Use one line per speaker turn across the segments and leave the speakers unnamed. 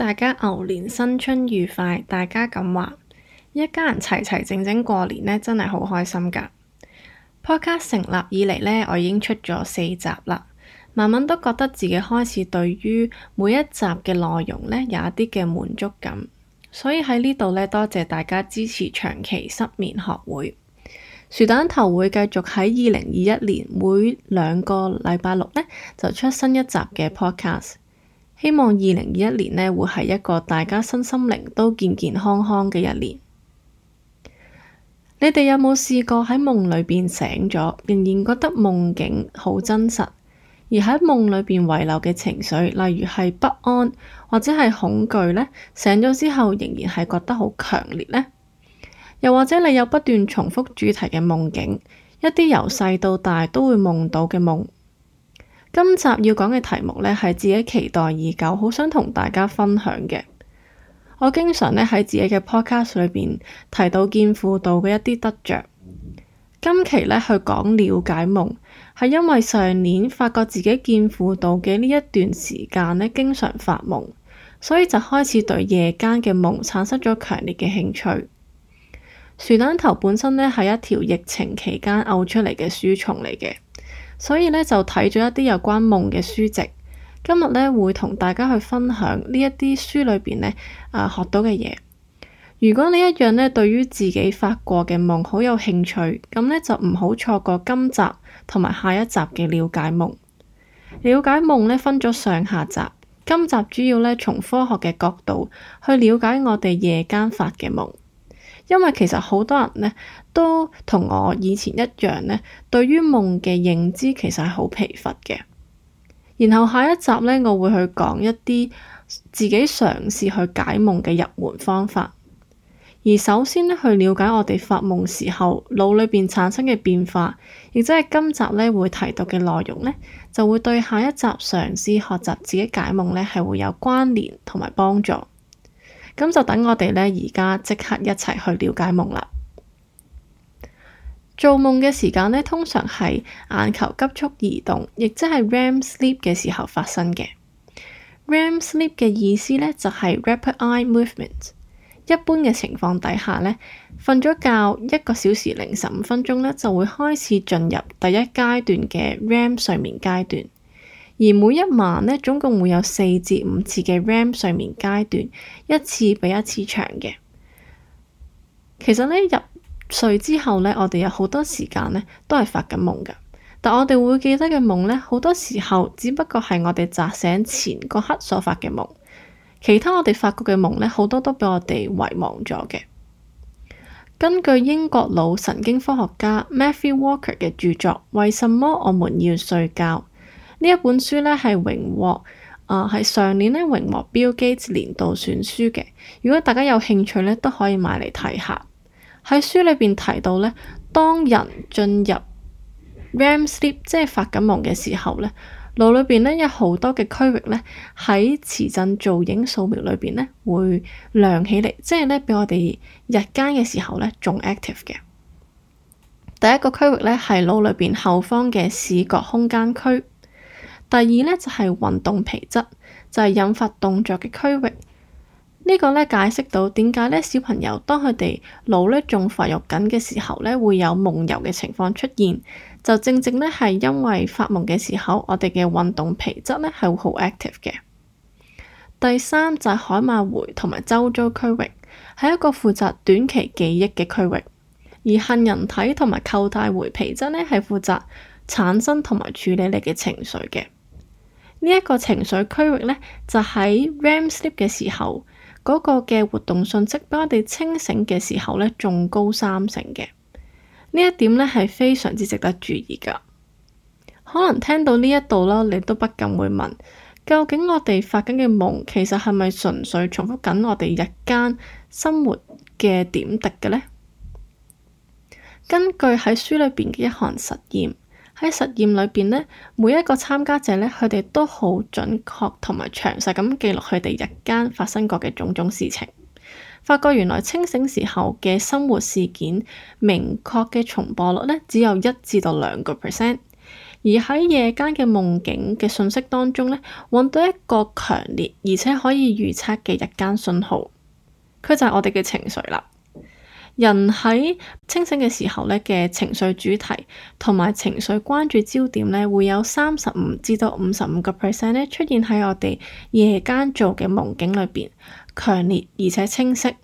大家牛年新春愉快！大家咁話，一家人齊齊整整過年呢，真係好開心噶。Podcast 成立以嚟呢，我已經出咗四集啦，慢慢都覺得自己開始對於每一集嘅內容呢，有一啲嘅滿足感。所以喺呢度呢，多謝大家支持長期失眠學會，薯蛋頭會繼續喺二零二一年每兩個禮拜六呢，就出新一集嘅 Podcast。希望二零二一年呢，會係一個大家身心靈都健健康康嘅一年。你哋有冇試過喺夢裏邊醒咗，仍然覺得夢境好真實，而喺夢裏邊遺留嘅情緒，例如係不安或者係恐懼呢，醒咗之後仍然係覺得好強烈呢？又或者你有不斷重複主題嘅夢境，一啲由細到大都會夢到嘅夢？今集要講嘅題目呢，係自己期待已久，好想同大家分享嘅。我經常呢喺自己嘅 podcast 裏邊提到見輔導嘅一啲得着。今期呢，去講了解夢，係因為上年發覺自己見輔導嘅呢一段時間呢，經常發夢，所以就開始對夜間嘅夢產生咗強烈嘅興趣。薯蛋頭本身呢，係一條疫情期間嘔出嚟嘅書蟲嚟嘅。所以咧就睇咗一啲有關夢嘅書籍，今日咧會同大家去分享呢一啲書裏邊咧，啊學到嘅嘢。如果你一樣咧，對於自己發過嘅夢好有興趣，咁咧就唔好錯過今集同埋下一集嘅了解夢。了解夢咧分咗上下集，今集主要咧從科學嘅角度去了解我哋夜間發嘅夢。因為其實好多人呢，都同我以前一樣呢，對於夢嘅認知其實係好疲乏嘅。然後下一集呢，我會去講一啲自己嘗試去解夢嘅入門方法。而首先呢，去了解我哋發夢時候腦裏邊產生嘅變化，亦即係今集呢會提到嘅內容呢，就會對下一集嘗試學習自己解夢呢係會有關聯同埋幫助。咁就等我哋呢，而家即刻一齊去了解夢啦。做夢嘅時間呢，通常係眼球急速移動，亦即係 REM sleep 嘅時候發生嘅。REM sleep 嘅意思呢，就係 rapid eye movement。一般嘅情況底下呢，瞓咗覺一個小時零十五分鐘呢，就會開始進入第一階段嘅 REM 睡眠階段。而每一晚呢，總共會有四至五次嘅 REM 睡眠階段，一次比一次長嘅。其實呢，入睡之後呢，我哋有好多時間呢都係發緊夢嘅。但我哋會記得嘅夢呢，好多時候只不過係我哋扎醒前嗰刻所發嘅夢。其他我哋發過嘅夢呢，好多都俾我哋遺忘咗嘅。根據英國腦神經科學家 Matthew Walker 嘅著作《為什麼我們要睡覺》。呢一本書咧係榮獲啊，係、呃、上年咧榮獲 Bill Gates 年度選書嘅。如果大家有興趣咧，都可以買嚟睇下。喺書裏邊提到咧，當人進入 REM sleep，即係發緊夢嘅時候咧，腦裏邊咧有好多嘅區域咧喺磁振造影掃描裏邊咧會亮起嚟，即係咧比我哋日間嘅時候咧仲 active 嘅。第一個區域咧係腦裏邊後方嘅視覺空間區。第二呢，就係運動皮質，就係引發動作嘅區域。呢個呢，解釋到點解呢小朋友當佢哋腦呢仲發育緊嘅時候呢，會有夢遊嘅情況出現，就正正呢，係因為發夢嘅時候我哋嘅運動皮質呢係好 active 嘅。第三就係海馬回同埋周遭區域，係一個負責短期記憶嘅區域，而杏仁體同埋扣帶回皮質呢，係負責產生同埋處理你嘅情緒嘅。呢一個情緒區域呢，就喺、是、REM sleep 嘅時候，嗰、那個嘅活動信息比我哋清醒嘅時候呢，仲高三成嘅。呢一點呢，係非常之值得注意㗎。可能聽到呢一度啦，你都不禁會問，究竟我哋發緊嘅夢，其實係咪純粹重複緊我哋日間生活嘅點滴嘅呢？根據喺書裏邊嘅一項實驗。喺實驗裏邊呢，每一個參加者呢，佢哋都好準確同埋詳細咁記錄佢哋日間發生過嘅種種事情，發覺原來清醒時候嘅生活事件，明確嘅重播率呢，只有一至到兩個 percent，而喺夜間嘅夢境嘅信息當中呢，揾到一個強烈而且可以預測嘅日間信號，佢就係我哋嘅情緒啦。人喺清醒嘅時候咧，嘅情緒主題同埋情緒關注焦點咧，會有三十五至到五十五個 percent 咧出現喺我哋夜間做嘅夢境裏邊，強烈而且清晰。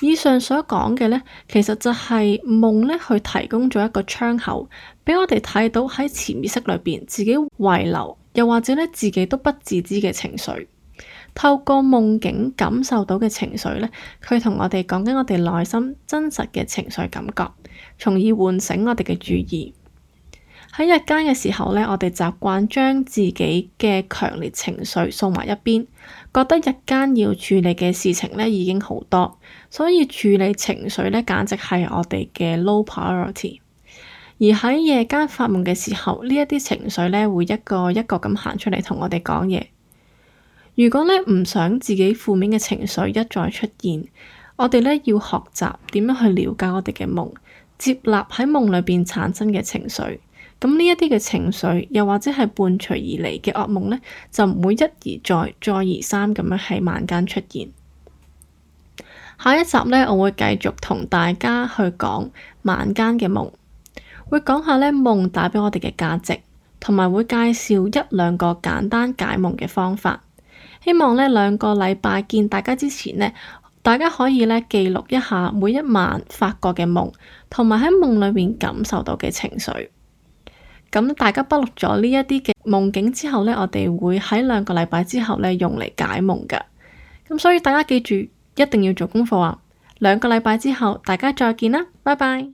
以上所講嘅咧，其實就係夢咧，佢提供咗一個窗口俾我哋睇到喺潛意識裏邊自己遺留，又或者咧自己都不自知嘅情緒。透過夢境感受到嘅情緒呢，佢同我哋講緊我哋內心真實嘅情緒感覺，從而喚醒我哋嘅注意。喺日間嘅時候呢，我哋習慣將自己嘅強烈情緒送埋一邊，覺得日間要處理嘅事情呢已經好多，所以處理情緒呢簡直係我哋嘅 low priority。而喺夜間發夢嘅時候，呢一啲情緒呢會一個一個咁行出嚟同我哋講嘢。如果呢唔想自己負面嘅情緒一再出現，我哋呢要學習點樣去了解我哋嘅夢，接納喺夢裏邊產生嘅情緒。咁呢一啲嘅情緒，又或者係伴隨而嚟嘅噩夢呢，就唔會一而再，再而三咁樣喺晚間出現。下一集呢，我會繼續同大家去講晚間嘅夢，會講下呢夢帶俾我哋嘅價值，同埋會介紹一兩個簡單解夢嘅方法。希望呢兩個禮拜見大家之前呢，大家可以呢記錄一下每一晚發過嘅夢，同埋喺夢裏面感受到嘅情緒。咁大家筆錄咗呢一啲嘅夢境之後呢，我哋會喺兩個禮拜之後呢用嚟解夢嘅。咁所以大家記住一定要做功課啊！兩個禮拜之後大家再見啦，拜拜。